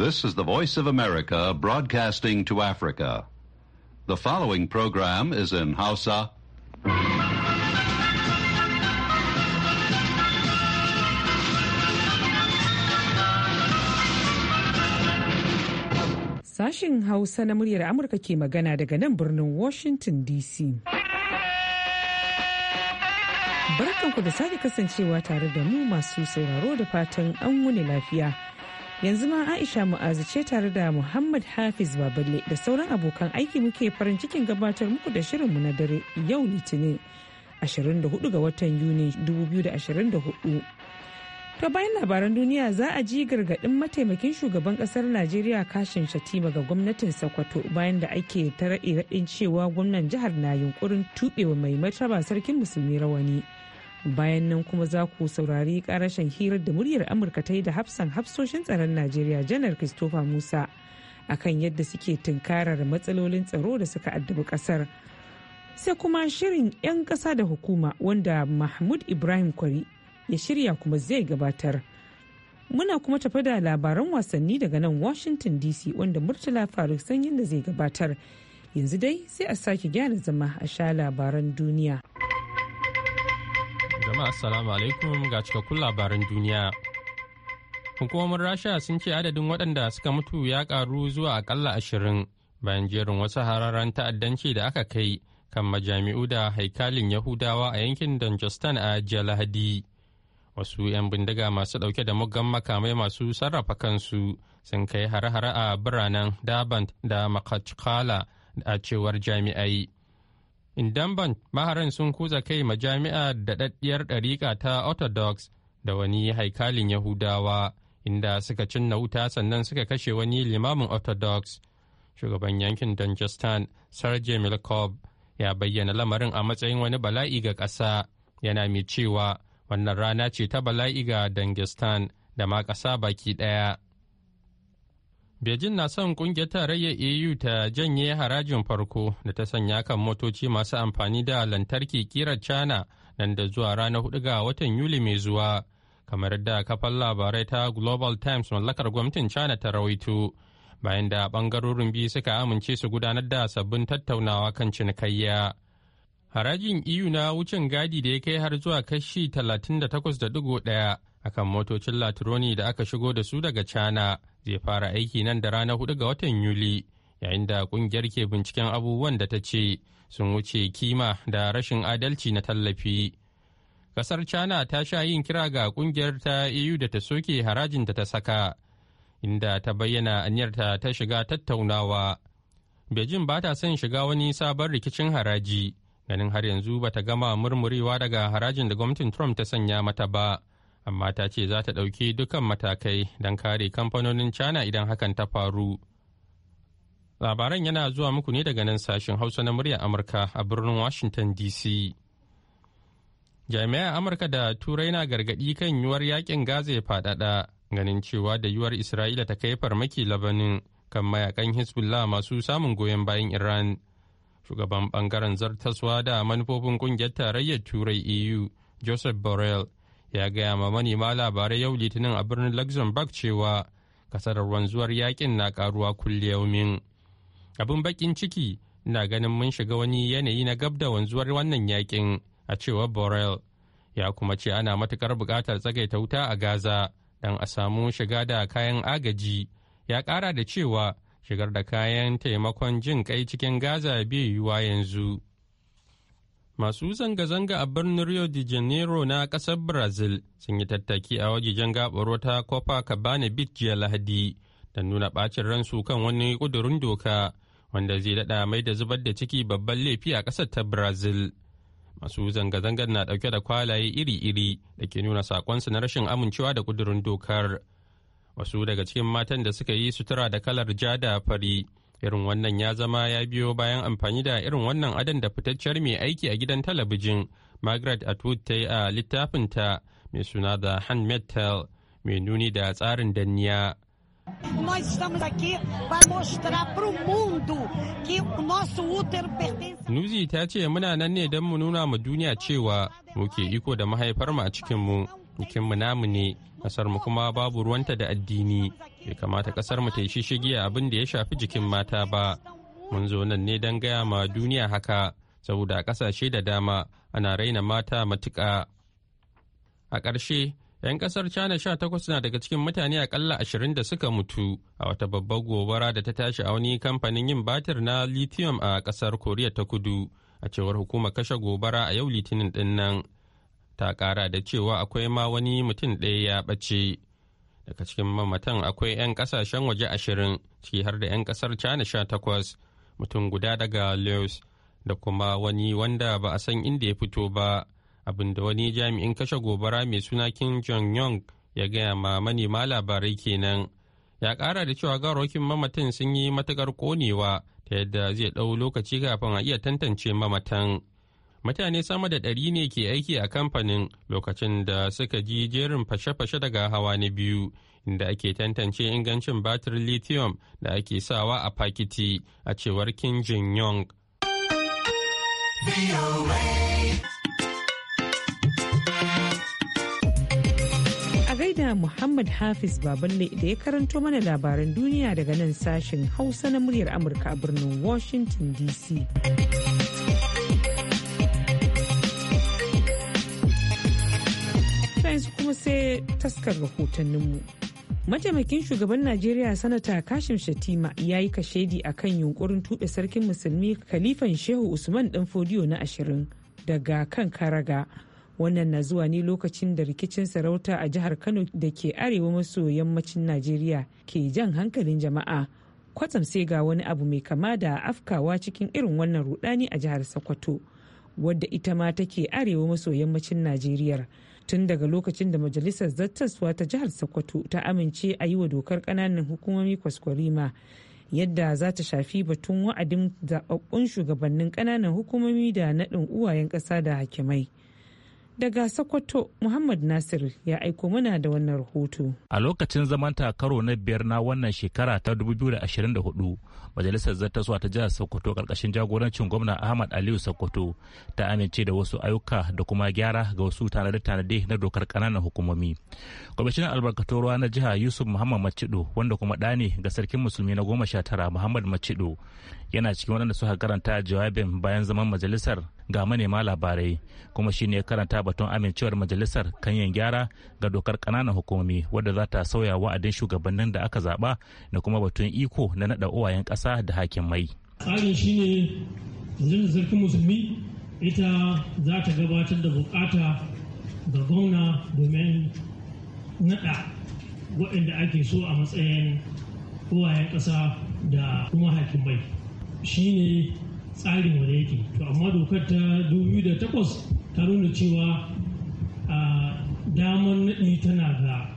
This is the Voice of America broadcasting to Africa. The following program is in Hausa. Sashen Hausa na muryar Amurka ke magana daga nan birnin Washington DC. Barkanku da sake kasancewa tare da mu masu sauraro da fatan an wuni lafiya. yanzu ma aisha mu'azu ce tare da muhammad hafiz baballe da sauran abokan aiki muke farin cikin gabatar muku da mu na dare yau litinin 24 ga watan yuni 2024 ta bayan labaran duniya za a ji gargaɗin mataimakin shugaban ƙasar najeriya kashin shatima ga gwamnatin sokoto bayan da ake ta raɗe-raɗin cewa gwamnan jihar na yunkurin tuɓewa mai martaba sarkin musulmi rawani. bayan nan kuma za ku saurari karashin hirar da muryar amurka ta yi da hafsan hafsoshin tsaron najeriya janar christopher musa akan yadda suke tunkarar matsalolin tsaro da suka addabi kasar sai kuma shirin 'yan kasa da hukuma wanda mahmud ibrahim kwari ya shirya kuma zai gabatar muna kuma tafi da labaran wasanni daga nan washington dc wanda murtala faruk sanyin da zai gabatar yanzu dai sai a sake gyara zama a sha labaran duniya jama'a assalamu alaikum ga cikakkun labaran duniya. Hukumomin Rasha sun ce adadin waɗanda suka mutu ya ƙaru zuwa akalla ashirin bayan jerin wasu hararan ta'addanci da aka kai kan majami'u da haikalin Yahudawa a yankin Danjostan a jalhadi Wasu 'yan bindiga masu ɗauke da muggan makamai masu sarrafa kansu sun kai hare-hare a biranen Dabant da Makachkala a cewar jami'ai. Indamban maharan sun kuza kai majami'a da daddiyar ɗariƙa ta Orthodox da wani haikalin Yahudawa inda suka cinna wuta sannan suka kashe wani limamin Orthodox. Shugaban yankin dangestan Sergei Milkov, ya bayyana lamarin a matsayin wani bala'i ga ƙasa, yana mai cewa wannan rana ce ta bala'i ga dangestan da ma ƙasa baki ɗaya. Beijing na son kungiyar tarayyar EU ta janye harajin farko da ta sanya kan motoci masu amfani da lantarki ƙirar China nan da zuwa ranar hudu ga watan Yuli mai zuwa, kamar da kafar labarai ta Global Times mallakar gwamnatin China ta rawaito, bayan da bangarorin biyu suka amince su gudanar da sabbin tattaunawa kan cinikayya. Harajin EU na wucin gadi da ya kai har zuwa kashi 38.1 akan motocin latironi da aka shigo da su daga China. zai fara aiki nan da ranar hudu ga watan Yuli yayin da kungiyar ke binciken abubuwan da ta ce sun wuce kima da rashin adalci na tallafi. Kasar China ta sha yin kira ga kungiyar ta EU da ta soke harajin da ta saka, inda ta bayyana aniyarta ta shiga tattaunawa. Beijing ba ta son shiga wani sabon rikicin haraji, ganin har yanzu ba ta gama murmurewa daga harajin da gwamnatin Trump ta sanya mata ba. amma ta ce za ta ɗauki dukkan matakai don kare kamfanonin china idan hakan ta faru labaran yana zuwa muku ne daga nan sashen hausa na murya amurka a birnin washington dc jami'a amurka da turai na gargaɗi kan yiwuwar yakin gaza ya faɗaɗa ganin cewa da yiwuwar isra'ila ta kai farmaki labanin kan mayakan hezbollah masu samun goyon bayan iran shugaban bangaren zartaswa da manufofin kungiyar tarayyar turai eu joseph borrell ya gaya ma manema labarai yau litinin a birnin luxembourg cewa kasar wanzuwar yakin na karuwa kulle yaumin abin bakin ciki na ganin mun shiga wani yanayi na gab da wanzuwar wannan yakin a cewar borel ya kuma ce ana matukar buƙatar tsagaita wuta a gaza don a samu shiga da kayan agaji ya ƙara da cewa shigar da kayan taimakon jin kai cikin gaza bai yiwuwa yanzu Masu zanga-zanga a birnin Rio de Janeiro na ƙasar Brazil sun yi tattaki a wajejen gaɓar wata Copacabana Beach jiya Lahadi da nuna ɓacin ransu kan wani ƙudurin doka wanda zai daɗa mai da zubar da ciki babban laifi a ƙasar ta Brazil. Masu zanga-zangar na ɗauke da kwalaye iri-iri da ke nuna saƙonsu na rashin amincewa da ƙudurin dokar. Wasu daga cikin matan da suka yi sutura da kalar ja da fari irin wannan ya zama ya biyo bayan amfani da irin wannan adan da fitacciyar mai aiki a gidan talabijin margaret atwood ta yi a littafinta mai suna da handmade tale mai nuni da tsarin danniya Nuzi ta ce muna nan ne don mu nuna ma duniya cewa muke iko da mahaifarmu a cikinmu, mu namu ne, kasar mu kuma babu ruwanta da addini bai kamata kasar mu ta yi shishigi abin da ya shafi jikin mata ba mun zo nan ne don gaya ma duniya haka saboda a kasashe da dama ana raina mata matuka. a ƙarshe 'yan kasar china takwas na daga cikin mutane akalla ashirin da suka mutu a wata babbar gobara da ta tashi a wani kamfanin yin batir na lithium a kasar koriya ta kudu a cewar hukumar kashe gobara a yau litinin din ta kara da cewa akwai ma wani mutum ɗaya ya ɓace daga cikin mamatan akwai 'yan ƙasashen waje ashirin ciki har da 'yan ƙasar china sha takwas mutum guda daga laos da kuma wani wanda ba a san inda ya fito ba abinda wani jami'in kashe gobara mai suna kim jong yong ya gaya ma manema labarai kenan ya kara da cewa garokin mamatan sun yi matukar ƙonewa ta yadda zai ɗau lokaci kafin a iya tantance mamatan mutane sama da ɗari ne ke aiki a kamfanin lokacin da suka ji jerin fashe-fashe daga hawa na biyu inda ake tantance ingancin batir lithium da ake sawa a fakiti a cewar kim jin yong a gaida muhammad hafiz baballe da ya karanto mana labaran duniya daga nan sashen hausa na muryar amurka a birnin washington dc yanzu kuma sai taskar rahotanninmu. Mataimakin shugaban Najeriya Sanata Kashim Shatima ya yi kashedi a kan yunkurin tuɓe sarkin musulmi Khalifan Shehu Usman ɗan fodiyo na ashirin daga kan karaga. Wannan na zuwa ne lokacin da rikicin sarauta a jihar Kano da ke arewa maso yammacin Najeriya ke jan hankalin jama'a. Kwatsam sai ga wani abu mai kama da afkawa cikin irin wannan rudani a jihar Sokoto, wadda ita ma take arewa maso yammacin Najeriya. tun daga lokacin da majalisar zattaswa ta jihar sokoto ta amince a yi wa dokar kananan hukumomi kwaskwarima yadda za ta shafi batun wa'adin zaɓaɓɓun shugabannin kananan hukumomi da naɗin uwayen ƙasa da hakimai. Daga Sokoto, Muhammad Nasir ya aiko mana da wannan rahoto. A lokacin zaman karo na biyar na wannan shekara ta 2024, majalisar zartaswa ta jihar sokoto karkashin jagorancin gwamna ahmad aliyu sokoto ta amince da wasu ayyuka da kuma gyara ga wasu tanade-tanade na dokar kananan hukumomi kwamishinan albarkatun ruwa na jiha yusuf muhammad macidu wanda kuma ɗa ne ga sarkin musulmi na goma sha tara muhammad macido yana cikin waɗanda suka karanta jawabin bayan zaman majalisar ga manema labarai kuma shine ya karanta batun amincewar majalisar kan yin gyara ga dokar kananan hukumomi wadda za ta sauya wa'adin shugabannin da aka zaba da kuma batun iko na naɗa uwayen ƙasa ƙasa da hakimai. Tsarin shine majalisar sarkin musulmi ita za ta gabatar da bukata ga gwamna domin naɗa waɗanda ake so a matsayin kowayen ƙasa da kuma hakimai ne tsarin wanda yake to amma dokar ta 2008 ta nuna cewa a damar naɗi tana ga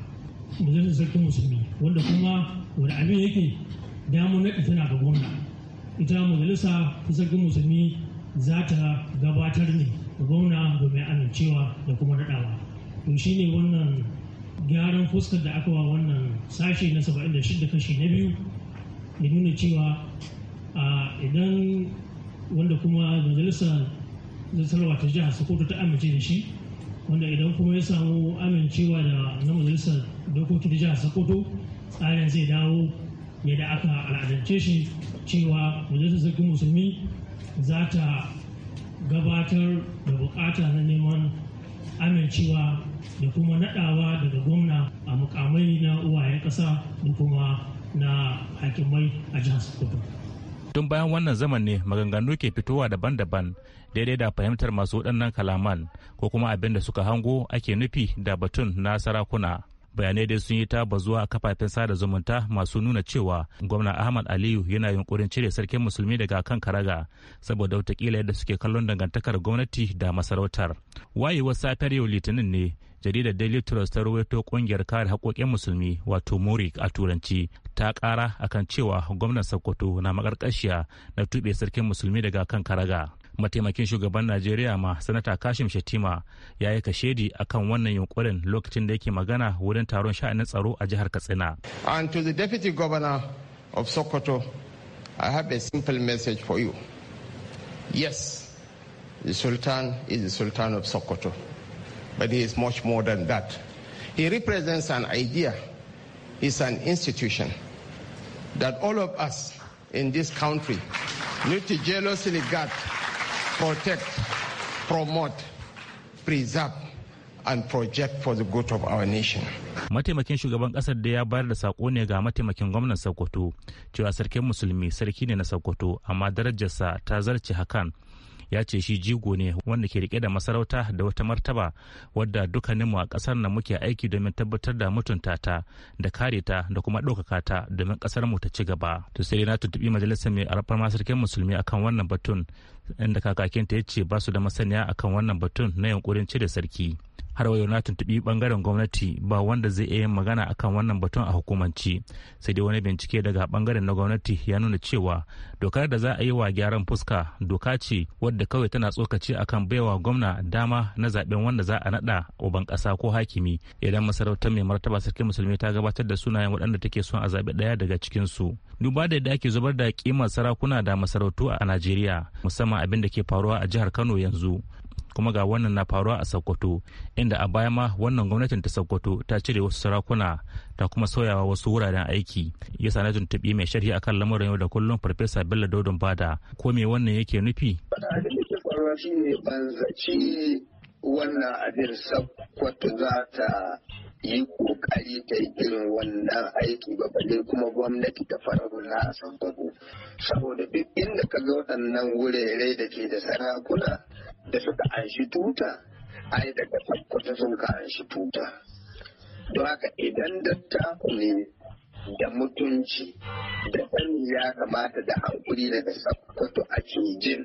majalisar sarkin musulmi wanda kuma wani abin yake damar naɗi tana ga gwamna ita majalisa kusan sarkin musulmi za ta gabatar ne ga gwamna domin amincewa da kuma naɗawa to ne wannan gyaran fuskar da aka wa wannan sashe na 76 kashi na biyu ya nuna cewa idan wanda kuma majalisa sarwa ta jihar sokoto ta amince da shi wanda idan kuma ya samu amincewa da na majalisar dokoki da jihar sokoto tsarin zai dawo yadda aka al'adance shi cewa majalisar sarkin musulmi za ta gabatar da bukata na neman amincewa da kuma nadawa daga gwamna a mukamai na uwayen kasa da kuma na hakimai a jihar sokoto tun bayan wannan zaman ne maganganu ke fitowa daban-daban daidai da fahimtar masu waɗannan kalaman ko kuma abin da suka hango ake nufi da batun na sarakuna bayanai dai sun yi ta bazuwa a kafafen sada zumunta masu nuna cewa gwamna ahmad aliyu yana yunkurin cire sarkin musulmi daga kan karaga saboda watakila yadda suke kallon dangantakar gwamnati da masarautar wayewar safiyar yau litinin ne jaridar daily trust ta rawaito kungiyar kare haƙoƙin musulmi wato murik a turanci ta ƙara akan cewa gwamnan sokoto na makarƙashiya na tuɓe sarkin musulmi daga kan karaga mataimakin shugaban najeriya ma sanata kashim shetima ya yi kashedi akan wannan yunkurin lokacin da yake magana wurin taron sha'anin tsaro a jihar katsina and to the deputy governor of sokoto i have a simple message for you yes the sultan is the sultan of sokoto but he is much more than that he represents an idea is an institution that all of us in this country need to jealously guard protect, promote, preserve and project for the good of our nation. Mataimakin shugaban kasar da ya bayar da sako ne ga mataimakin gwamnan Sokoto cewa sarkin musulmi sarki ne na Sokoto amma darajarsa ta zarce hakan ya ce shi jigo ne wanda ke rike da masarauta da wata martaba wadda dukkaninmu a kasar nan muke aiki domin tabbatar da mutunta ta da kare ta da kuma ɗaukaka ta domin kasar mu ta ci gaba to sai na tuntubi majalisar mai arfar sarkin musulmi akan wannan batun inda kakakinta ya ce ba su da masaniya akan wannan batun na yunkurin cire sarki har wayo na tuntuɓi bangaren gwamnati ba wanda zai iya magana akan wannan batun a hukumanci sai dai wani bincike daga bangaren na gwamnati ya nuna cewa dokar da za a yi wa gyaran fuska doka ce wadda kawai tana tsokaci akan baiwa gwamna dama na zaɓen wanda za a naɗa uban kasa ko hakimi idan masarautar mai martaba sarkin musulmi ta gabatar da sunayen waɗanda take son a zaɓi ɗaya daga cikin su duba da yadda ake zubar da kimar sarakuna da masarautu a najeriya musamman abin da ke faruwa a jihar kano yanzu kuma ga wannan na faruwa a sokoto inda a baya ma wannan gwamnatin ta sokoto ta cire wasu sarakuna ta kuma sauyawa wasu wuraren aiki ya sa na tuntuɓi mai sharhi akan lamarin yau da kullum farfesa bello dodon bada ko me wannan yake nufi wannan abin sakkwato za ta yi kokari ta yi irin wannan aiki ba balle kuma gwamnati ta fara na a sakkwato saboda duk inda ka ga waɗannan wurare da ke da sarakuna da suka anshi tuta yi daga tabbata sun ka anshi tuta don haka idan dattaku ne da mutunci da sani ya kamata da hankuri daga sakkwato ake jin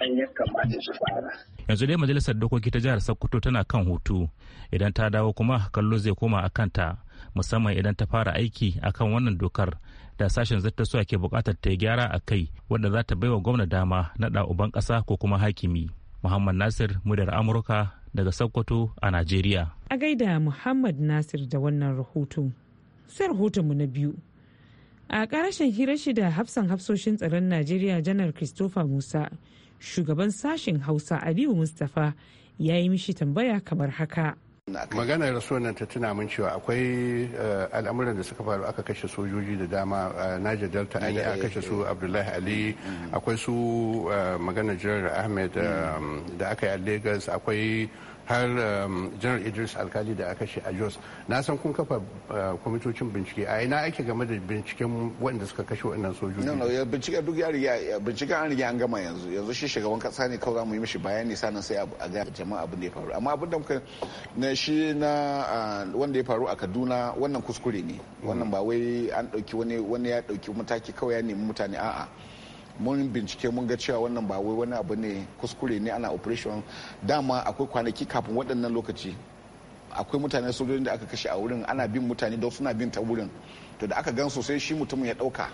ɗan ya kamata su fara. Yanzu dai majalisar dokoki ta jihar Sokoto tana kan hutu idan ta dawo kuma kallo zai koma a kanta musamman idan ta fara aiki a kan wannan dokar da sashen zata zattasuwa ke bukatar ta yi gyara a kai wadda za ta baiwa gwamna dama na uban ƙasa ko kuma hakimi. Muhammad Nasir muryar Amurka daga Sokoto a Najeriya. A gaida Muhammad Nasir da wannan rahoto. Sai rahoton mu na biyu. A ƙarashin hira shi da hafsan hafsoshin tsaron Najeriya janar Christopher Musa, shugaban sashen Hausa Aliyu Mustapha ya yi mishi tambaya kamar haka. maganar rasuwar nan ta tuna min cewa akwai eh, al'amuran da suka faru aka kashe sojoji da dama eh, Niger delta an aka kashe su abdullahi ali mm-hmm. akwai su eh, maganar jiran ahmed mm-hmm. da aka yi a lagos akwai har um, general idris alkali da aka shi a jos na san kun kafa uh, kwamitocin bincike a ina ake game da binciken waɗanda suka kashe waɗannan sojoji binciken duk ya riga bincike an riga an gama yanzu yanzu shi shugaban kasa ne kawai zamu yi mishi bayani sanan sai a ga jama'a abin da ya faru amma abin da muka na shi na uh, wanda ya faru a kaduna wannan kuskure ne wannan ba wai an ɗauki wani wani ya ɗauki mataki kawai ya nemi mutane a'a mun bincike mun ga cewa wannan ba wai wani abu ne kuskure ne ana operation dama akwai kwanaki kafin waɗannan lokaci akwai mutane sojojin da aka kashe a wurin ana bin mutane don suna bin ta wurin to da aka gan sosai shi mutumin ya ɗauka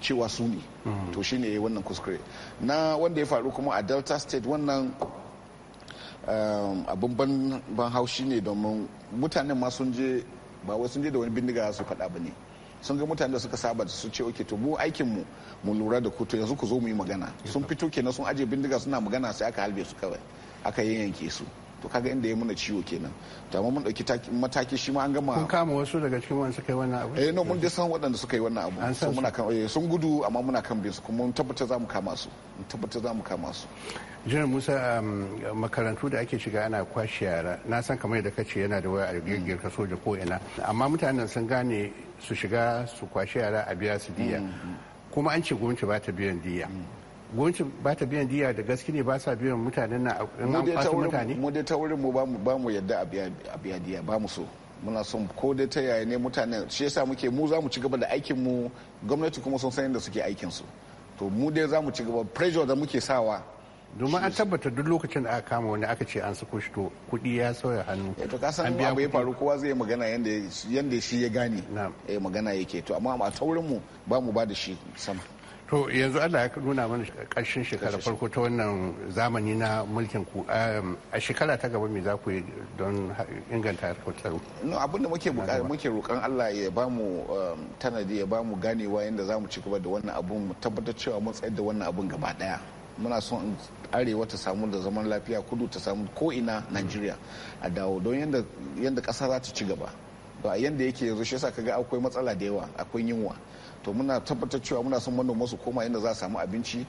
cewa su ne mm. to shi ne wannan kuskure na wanda ya faru kuma a delta state wannan eh, abin ban haushi ne domin mutanen ma sun je ba wai sun je da wani bindiga su faɗa ba ne sun ga mutane da suka saba su ce oke to mu aikin mu mu lura da kuto yanzu ku zo mu yi magana sun fito kenan sun aje bindiga suna magana sai aka halbe su kawai aka yanke su to kaga inda ya muna ciwo kenan to amma mun dauki mataki shi ma an gama kun kama wasu daga cikin wanda suka yi wannan abu eh no mun dai san waɗanda suka yi wannan abu sun muna kan eh, sun gudu amma muna kan bin su kuma mun tabbata za mu kama su mun tabbata za mu kama su jin musa um, makarantu da ake shiga ana kwashe yara na san kamar da kace yana da waya a girgir ka soja ko ina amma mutanen sun gane su shiga su kwashe yara a biya su diya mm, mm. kuma an ce gwamnati ba ta biyan diya mm. gwamnati ba ta biyan diya da gaske ne ba sa biyan mutanen na mutane mu dai ta wurin mu ba mu yadda a biya diya ba mu so muna son ko dai ta yaya ne mutanen shi yasa muke mu za mu ci gaba da aikin mu gwamnati kuma sun san yadda suke aikin su to mu dai za mu ci gaba pressure da muke sawa domin an tabbata duk lokacin da aka kama wani aka ce an suko shi to kuɗi ya sauya hannu eh, to ka san abu ya faru kowa zai magana yanda shi ya gane eh magana yake to amma a taurin mu ba mu ba da shi sama to yanzu allah ya nuna mana ƙarshen shekara farko ta wannan zamani na mulkin ku um, a shekara ta gaba me za ku yi don inganta harkar tsaro no abin da muke muke roƙon allah ya ba mu um, tanadi ya ba mu ganewa yadda za mu ci gaba da wannan abun mu tabbatar cewa mun tsayar da wannan abun gaba daya muna son arewa ta samu da zaman lafiya kudu ta samu ko ina najeriya a dawo don yadda kasa za ta ci gaba ba yanda yake yanzu shi yasa kaga akwai matsala da yawa akwai yunwa to muna tabbatar cewa muna son manoma su koma yadda za a samu abinci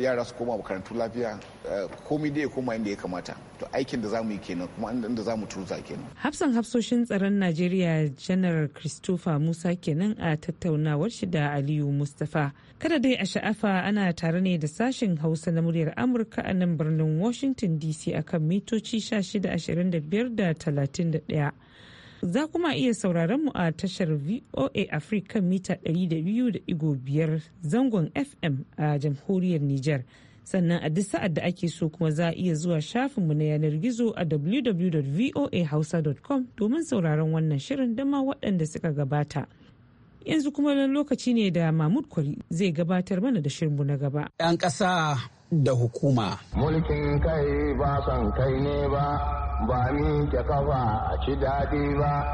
yara su koma makarantu lafiya eh, komai da ya koma inda ya kamata to aikin da zamu yi kenan kuma inda zamu turza kenan hafsan hafsoshin tsaron najeriya janar christopher musa kenan a tattaunawar shi da aliyu mustafa kada dai a sha'afa ana tare ne da sashen hausa na muryar amurka a nan birnin washington dc akan mitoci da 1625 da 31 Za kuma iya sauraron mu a tashar VOA Africa mita 200.5 zangon FM a jamhuriyar Nijar. Sannan a duk sa'ad da ake so kuma za a iya zuwa shafinmu na yanar gizo a www.voahausa.com domin sauraron wannan shirin da waɗanda suka gabata. Yanzu kuma lokaci ne da Mahmud Kwari zai gabatar mana da shirinmu na gaba. 'Yan ƙasa da hukuma. Mulkin kai ba son kai ne ba. ba miƙe kafa a ci daɗi ba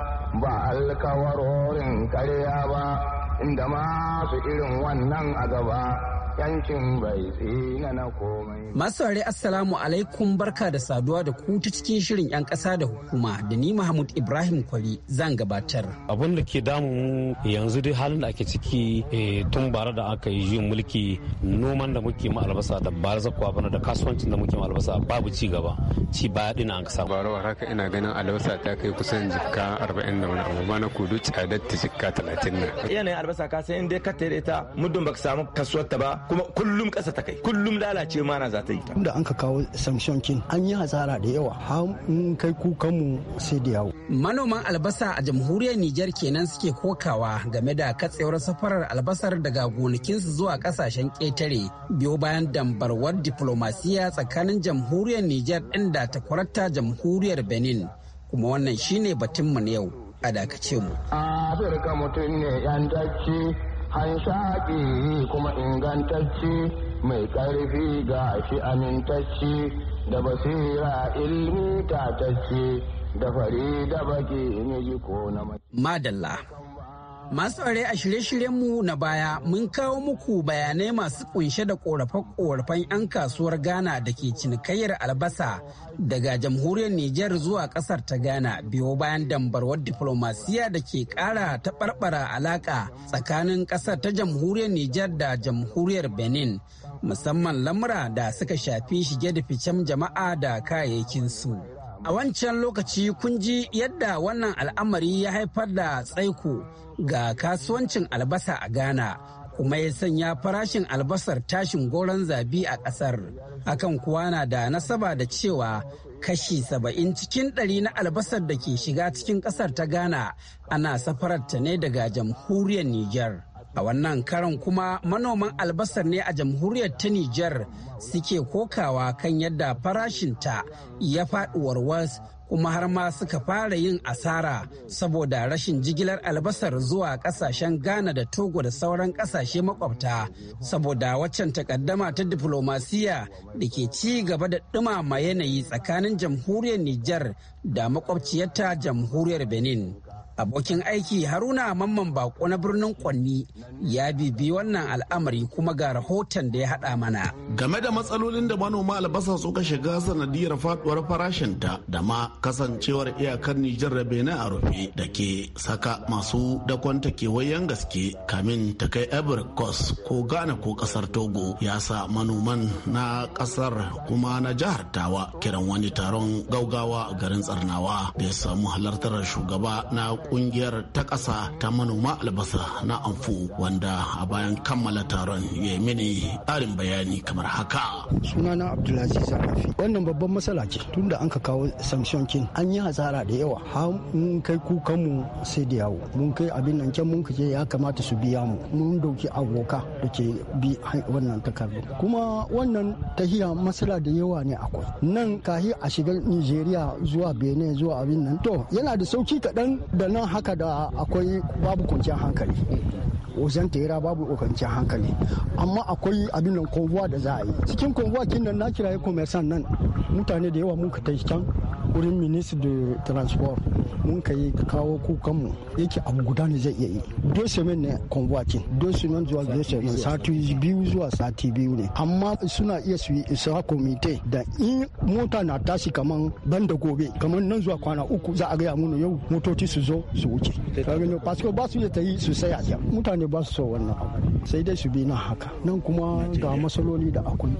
ba alkawarorin karya ba inda masu irin wannan a gaba yankin bai tsina na komai. Masu saurari Assalamu alaikum barka da saduwa da ku ta cikin shirin 'yan ƙasa da hukuma da ni Mahmud Ibrahim Kwari zan gabatar. Abin da ke damu yanzu dai halin da ake ciki eh, tun bara da aka yi yin mulki noman da muke ma albasa da barza bana da kasuwancin da muke ma albasa babu ci gaba ci baya dina an kasa. Barawa haka ina ganin albasa ta kai kusan jikka arba'in da wani abu na kudu tsadar ta jikka talatin na. Yanayin albasa ka san in dai ka tare ta muddin baka samu kasuwar ta ba kuma kullum ƙasa ta kai kullum lalace mana za ta yi ta. da an ka kawo sanction kin an yi hasara da yawa har in kai kukanmu sai da yawo. manoman albasa a jamhuriyar nijar kenan suke kokawa game da katsewar safarar albasar daga gonakinsu zuwa kasashen ƙetare biyo bayan dambarwar diplomasiya tsakanin jamhuriyar nijar ɗin da kwarata jamhuriyar benin kuma wannan shine batunmu na yau a dakace mu. a mutum ne yan dace hanshaƙi kuma ingantacce mai ƙarfi ga shi amintacce da basira ilmi tatacce da fari da baki yi ko na Madalla. Masu ware a shirye-shiryenmu na baya mun kawo muku bayanai masu kunshe da korafe-korafen 'yan kasuwar Ghana da ke cinikayyar albasa daga jamhuriyar Nijar zuwa kasar ta Ghana biyo bayan dambarwar diplomasiya da ke kara taɓarɓara alaƙa tsakanin kasar ta jamhuriyar Nijar da jamhuriyar Benin musamman lamura da suka shafi shige da ficen jama'a da su. A wancan lokaci kun ji yadda wannan al'amari ya haifar da tsaiko ga kasuwancin albasa a Ghana kuma ya sanya farashin albasar tashin goron zabi a ƙasar. Akan kuwa na da nasaba da cewa kashi saba'in cikin ɗari na albasar da ke shiga cikin ƙasar ta Ghana ana safararta ne daga jamhuriyar Niger. A wannan karan kuma manoman albasar ne a jamhuriyar ta Nijar suke kokawa kan yadda farashinta ya faɗi warwas kuma har ma suka fara yin asara saboda rashin jigilar albasar zuwa kasashen Ghana da Togo da sauran kasashe makwabta saboda waccan takaddama ta diplomasiya da ke ci gaba da dumama yanayi tsakanin jamhuriyar Niger da makwabciyarta jamhuriyar Benin. abokin aiki haruna mamman bako na birnin kwanni ya bibi wannan al'amari kuma ga rahoton da ya hada mana game da matsalolin da manoma albasa suka shiga sanadiyar faduwar farashinta da ma kasancewar iyakar nijar da benin a rufe da ke saka masu dakonta kewayen gaske kamin ta kai Coast ko ghana ko kasar togo ya sa manoman na kasar kuma na jihar tawa kiran wani taron gaugawa garin tsarnawa da ya samu halartar shugaba na kungiyar ta ƙasa ta manoma albasa na amfu wanda a bayan kammala taron ya mini ƙarin bayani kamar haka. Sunana Abdulaziz Zafafi. Wannan babban matsala ce tun da an ka kawo sanction kin an yi hasara da yawa har mun kai kukanmu sai da yawo mun kai abin nan can mun kaje ya kamata su biya mu mun dauki aboka da ke bi wannan takardu kuma wannan tahiya matsala da yawa ne akwai nan kahi a shigar Nigeria zuwa Benin zuwa abin nan to yana da sauki kaɗan da nan haka da akwai babu kwanciyar hankali wajen tera babu kwanciyar hankali amma akwai abin nan konvuwa da za a yi cikin konvuwa kin nan na kiraye commerçant nan mutane da yawa mun ka tai can wurin minis de transport mun ka yi kawo kukanmu yake abu guda ne zai iya yi dosemen ne konvokin dosemen zuwa dosemen sati biyu zuwa sati biyu ne amma suna iya su yi isa komite da in mota na tashi kaman ban da gobe kaman nan zuwa kwana uku za a gaya mun yau motoci su zo su wuce paske ba su ta yi su saya mutane ba su so wannan abu sai dai su bi na haka nan kuma ga masaloli da akwai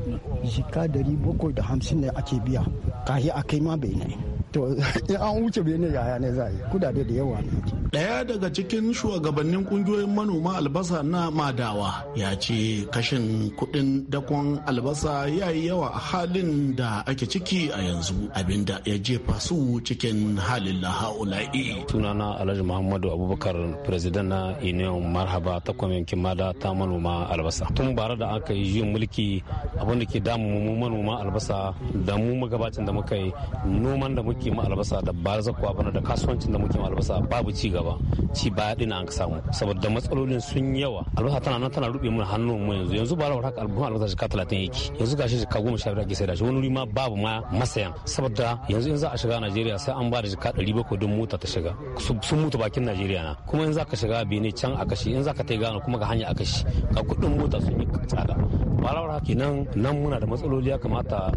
jika dari bakwai da hamsin ne ake biya kahi a kai ma bai ne to in an wuce bene yaya ne za a yi kudade da yawa ne Daya daga cikin shugabannin kungiyoyin manoma albasa na madawa ya ce kashin kudin dakon albasa ya yi yawa a halin da ake ciki a yanzu abinda ya jefa su cikin halin laha'ula'i. Sunana Alhaji Muhammadu Abubakar president na Union Marhaba ta kwamitin mada ta manoma albasa. Tun bara da aka yi yin mulki abin da ke damu mu manoma albasa da mu magabacin da muka yi noman da muke ma albasa da barzakwa bana da kasuwancin da muke ma albasa babu ci gaba. gaba ci baya ɗin an samu saboda matsalolin sun yawa albasa tana nan tana ruɓe mun hannun mu yanzu yanzu ba rawar haka albuma albasa shi ka talatin yake yanzu gashi shika goma sha biyar ake sai da shi wani wuri ma babu ma masayan saboda yanzu in za a shiga Najeriya sai an ba da jika ɗari bakwai don mota ta shiga sun mutu bakin Najeriya na kuma in za ka shiga Benin can a kashi in za ka ta gano kuma ka hanya a kashi ka kuɗin mota sun yi tsada ba rawar haka nan nan muna da matsaloli ya kamata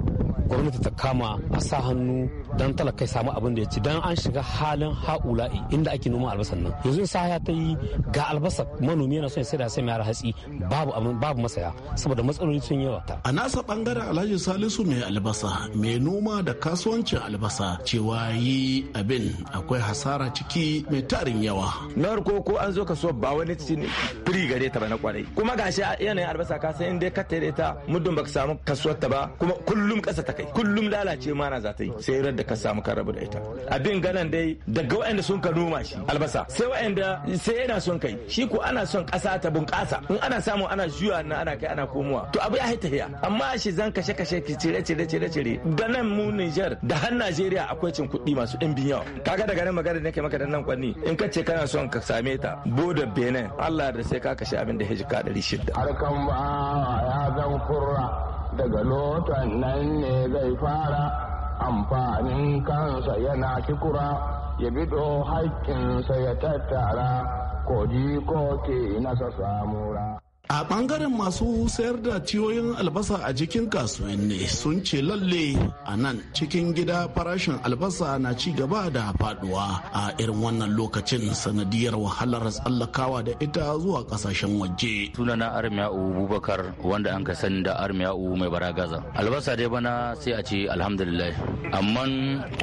gwamnati ta kama a sa hannu don talakai samu abin da ya ci don an shiga halin ha'ula'i inda ake noma albasan nan yanzu saya ta yi ga albasa manomi yana son ya saida sai mai hatsi babu babu masaya saboda matsaloli sun yawa a nasa bangare Alhaji Salisu mai albasa mai noma da kasuwancin albasa cewa yi abin akwai hasara ciki mai tarin yawa na farko ko an zo kaso ba wani cin firi gare ta ba na kwarai kuma gashi yanayin albasa ka san inda ka tare ta muddin baka samu kasuwar ta ba kuma kullum kasa ta kai kullum lalace mana za ta yi sai da ka samu ka rabu da ita abin ganan dai daga waɗanda sun ka noma shi masa sai wa'anda sai yana son kai shi ko ana son kasa ta bunƙasa in ana samu ana juya na ana kai ana komowa to abu ya haita ya amma shi zan kashe kashe ki cire cire cire cire da nan mu Niger da har Najeriya akwai cin kuɗi masu ɗimbin biyan kaga daga nan magana nake maka dan nan kwanni in ka ce kana son ka same ta bodar Benin Allah da sai ka kashe abin da hijika 600 harkan ba ya zan kurra daga lotan nan ne zai fara amfanin kansa yana kikura ya bido haƙƙinsa ya tattara ko ko ke nasa samura. a bangaren masu sayar da tiyoyin albasa a cikin kasuwanni sun ce lalle a nan cikin gida farashin albasa na ci gaba da faduwa a irin wannan lokacin sanadiyar wahalar tsallakawa da ita zuwa kasashen waje sunana armiyau bubakar wanda an sani da armiyau mai baragaza albasa dai bana sai a ce alhamdulillah amma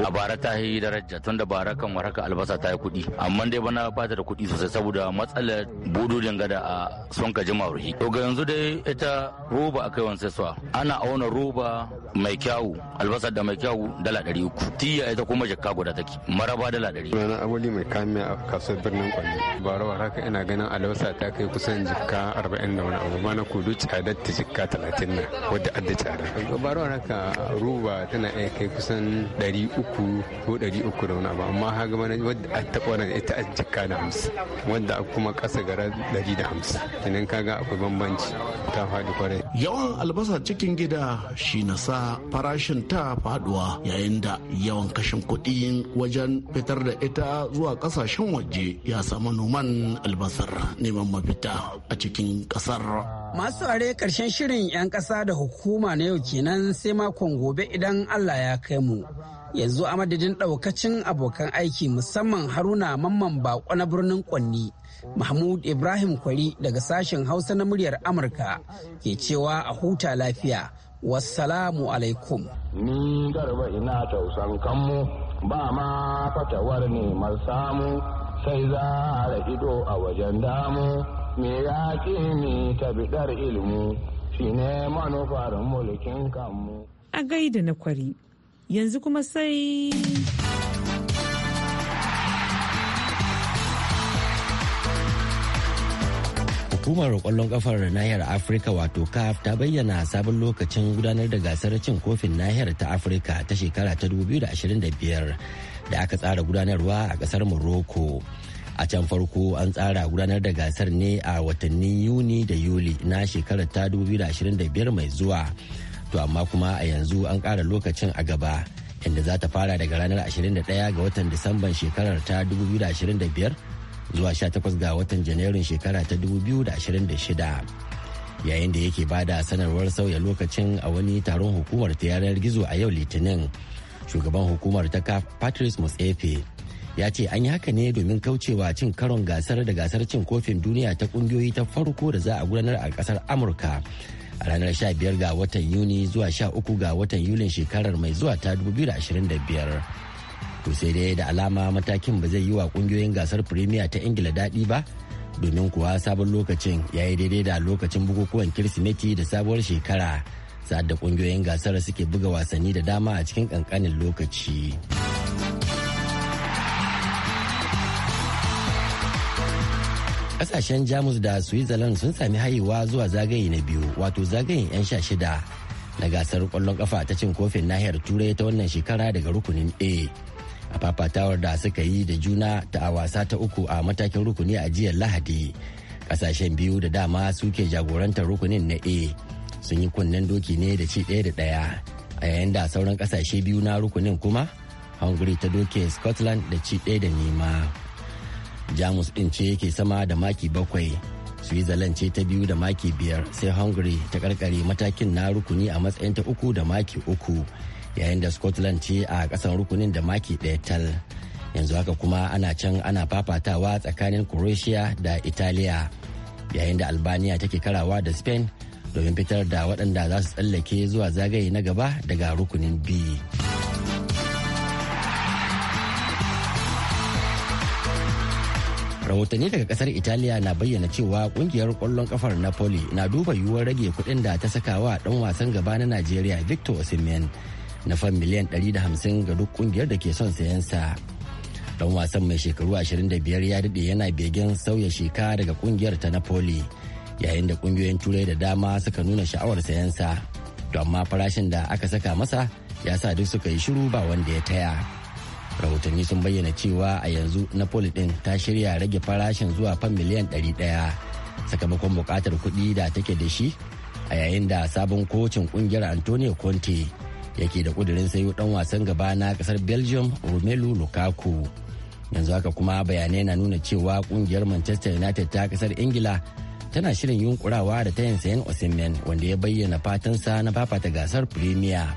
a bara ta yi daraja tun da bara kan waraka albasa ta yi kuɗi amma dai bana ba ta da kuɗi sosai saboda matsalar bududin gada a son jima aure to ga yanzu dai ita roba a kai wani ana auna roba mai kyawu albasa da mai kyawu dala ɗari uku tiya ita kuma jakka guda take maraba dala ɗari. Sunana Aboli mai kame a kasuwar birnin Kwale. Barawa haka ina ganin albasa ta kai kusan jikka arba'in da wani abu mana kudu cadar ta jikka talatin na wadda adda cada. Barawa haka roba tana iya kai kusan ɗari uku ko ɗari uku da wani abu amma haka mana wadda a taɓa ita a jikka da hamsin wadda kuma ƙasa gara ɗari da hamsin. Kenan kaga akwai bambanci ta faɗi kwarai. Yawan albasa cikin gida shi na sa farashin ta faɗuwa yayin da yawan kashin kuɗi wajen fitar da ita zuwa ƙasashen waje ya samu noman albasar neman mafita a cikin ƙasar. Masu are ƙarshen shirin 'yan ƙasa da hukuma na yau kenan sai makon gobe idan Allah ya kai mu. Yanzu a madadin ɗaukacin abokan aiki musamman haruna mamman bako na birnin Kwanni Mahmud Ibrahim Kwari daga sashen Hausa na muryar Amurka ke cewa a huta lafiya. Wassalamu alaikum. Ni garba ina tausan kanmu ba ma fatawar neman samu sai za a ido a wajen damu me ya ne ni tabidar ilmu shi ne manufar mulkin kanmu. A gaida na kwari, yanzu kuma sai. Hukumar kwallon kafar nahiyar Afirka wato CAF ta bayyana sabon lokacin gudanar da gasar cin kofin nahiyar ta Afirka ta shekara ta 2025 da aka tsara gudanarwa a kasar Morocco. A can farko an tsara gudanar da gasar ne a watanni Yuni da Yuli na shekarar ta 2025 mai zuwa. To amma kuma a yanzu an kara lokacin a gaba inda za ta fara daga ranar 21 ga watan Disamban shekarar ta 2025 zuwa 18 ga watan janairun shekara ta 2026 yayin da yake ba da sanarwar sauya lokacin a wani taron hukumar ta yanar gizo a yau litinin shugaban hukumar ta kaf patrice mutsefe ya ce an yi haka ne domin kaucewa cin karon gasar da gasar cin kofin duniya ta kungiyoyi ta farko da za a gudanar a kasar amurka a ranar 15 ga watan yuni zuwa 13 ga watan yulin shekarar mai zuwa ta 2025 to sai dai da alama matakin ba zai yi wa kungiyoyin gasar premier ta ingila daɗi ba domin kuwa sabon lokacin ya yi daidai da lokacin bukukuwan kirsimeti da sabuwar shekara sa'ad da kungiyoyin gasar suke buga wasanni da dama a cikin kankanin lokaci kasashen jamus da switzerland sun sami haihuwa zuwa zagaye na biyu wato zagayen 'yan sha shida na gasar kwallon kafa ta cin kofin nahiyar turai ta wannan shekara daga rukunin a a fafatawar da suka yi da juna ta a wasa ta uku a matakin rukuni a jiya lahadi kasashen biyu da dama suke jagorantar rukunin na a sun yi kunnen doki ne da ci ɗaya da ɗaya a yayin da sauran kasashe biyu na rukunin kuma hungary ta doke scotland da ci ɗaya da nema jamus ɗin ce yake sama da maki bakwai switzerland ce ta biyu da maki biyar sai hungary ta karkare matakin na rukuni a matsayin ta uku da maki uku yayin da scotland ce a kasan rukunin da maki daya tal yanzu haka kuma ana can ana fafatawa tsakanin croatia da italiya yayin da albania take karawa da spain domin fitar da waɗanda za su tsallake zuwa zagaye na gaba daga rukunin b rahotanni daga kasar italiya na bayyana cewa kungiyar kwallon kafar napoli na duba yiwuwar rage kudin da ta saka wa ɗan wasan gaba na nigeria victor osimhen na fan miliyan 150 ga duk kungiyar da ke son sayansa. Dan wasan mai shekaru 25 ya daɗe yana begen sauya sheka daga kungiyar ta Napoli yayin da kungiyoyin turai da dama suka nuna sha'awar sayansa. To amma farashin da aka saka masa ya sa duk suka yi shiru ba wanda ya taya. Rahotanni sun bayyana cewa a yanzu Napoli ɗin ta shirya rage farashin zuwa fan miliyan 100 sakamakon buƙatar kuɗi da take da shi a yayin da sabon kocin ƙungiyar Antonio Conte yake da kudirin sayo dan wasan gaba na kasar belgium romelu lukaku yanzu haka kuma bayanai na nuna cewa kungiyar manchester united ta kasar ingila tana shirin yunkurawa da tayin sayan osimhen wanda ya bayyana fatansa na fafata gasar premier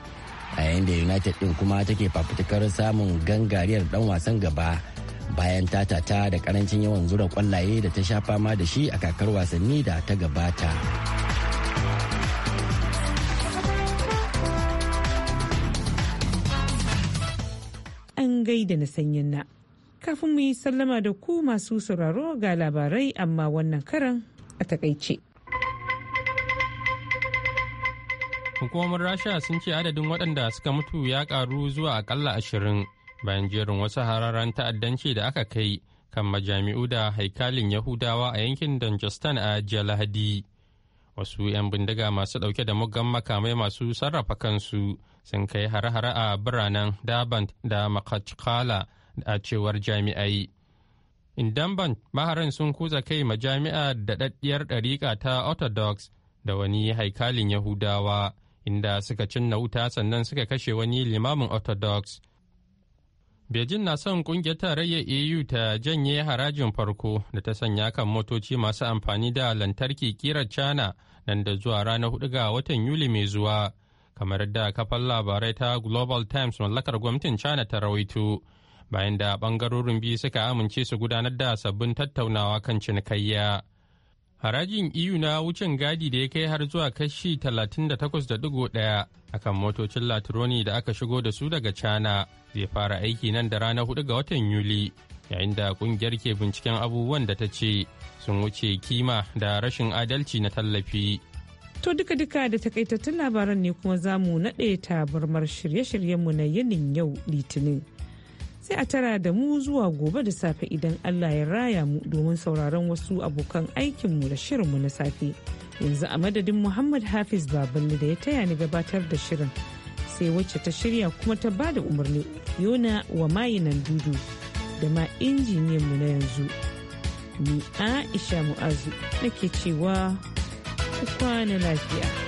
a yayin da united din kuma take fafutukar samun gangariyar dan wasan gaba bayan tatata da karancin yawan zura kwallaye da ta sha fama da shi a kakar wasanni da ta gabata. da na sanyin na. Kafin mu yi sallama da ku masu sauraro ga labarai amma wannan karan a takaice. Hukumomin Rasha sun ce adadin waɗanda suka mutu ya ƙaru zuwa akalla ashirin bayan jerin wasu hararan ta'addanci da aka kai kan majami'u da haikalin Yahudawa a yankin Danjastan a jiya Lahadi. wasu 'yan bindiga masu dauke da muggan makamai masu sarrafa kansu sun kai hare-hare a biranen Dabant da Makachkala a cewar jami'ai. Indamban maharan sun kuza kai majami'a jami'a da daddiyar ɗariƙa ta Orthodox da wani haikalin Yahudawa, inda suka cinna wuta sannan suka kashe wani limamin Orthodox. Beijing na son kungiyar tarayyar EU ta janye harajin farko da ta sanya kan motoci masu amfani da lantarki kirar China nan da zuwa ranar hudu ga watan Yuli mai zuwa. Kamar da kafar labarai ta Global Times mallakar gwamnatin China ta rawaito. Bayan da bangarorin biyu suka amince su gudanar da sabbin tattaunawa kan cinikayya. Harajin iyu e na wucin gadi da ya kai har zuwa kashi 38.1 akan motocin Latroni da aka shigo da su daga China zai fara aiki nan da ranar 4 ga watan Yuli, yayin da kungiyar ke binciken abubuwan da ta ce sun wuce kima da rashin adalci na tallafi. To duka-duka da takaitattun labaran ne kuma zamu mu naɗe tabarmar shirye-shiryenmu na yinin yau Litinin. sai a tara da mu zuwa gobe da safe idan Allah ya raya mu domin sauraron wasu abokan aikinmu da shirinmu na safe. Yanzu a madadin Muhammad Hafiz Baballe da ya taya ni gabatar da shirin sai wacce ta shirya kuma ta bada umarni Yona wa mayinan dudu da ma mu na yanzu. Ni Aisha Mu'azu nake cewa ku kwana lafiya.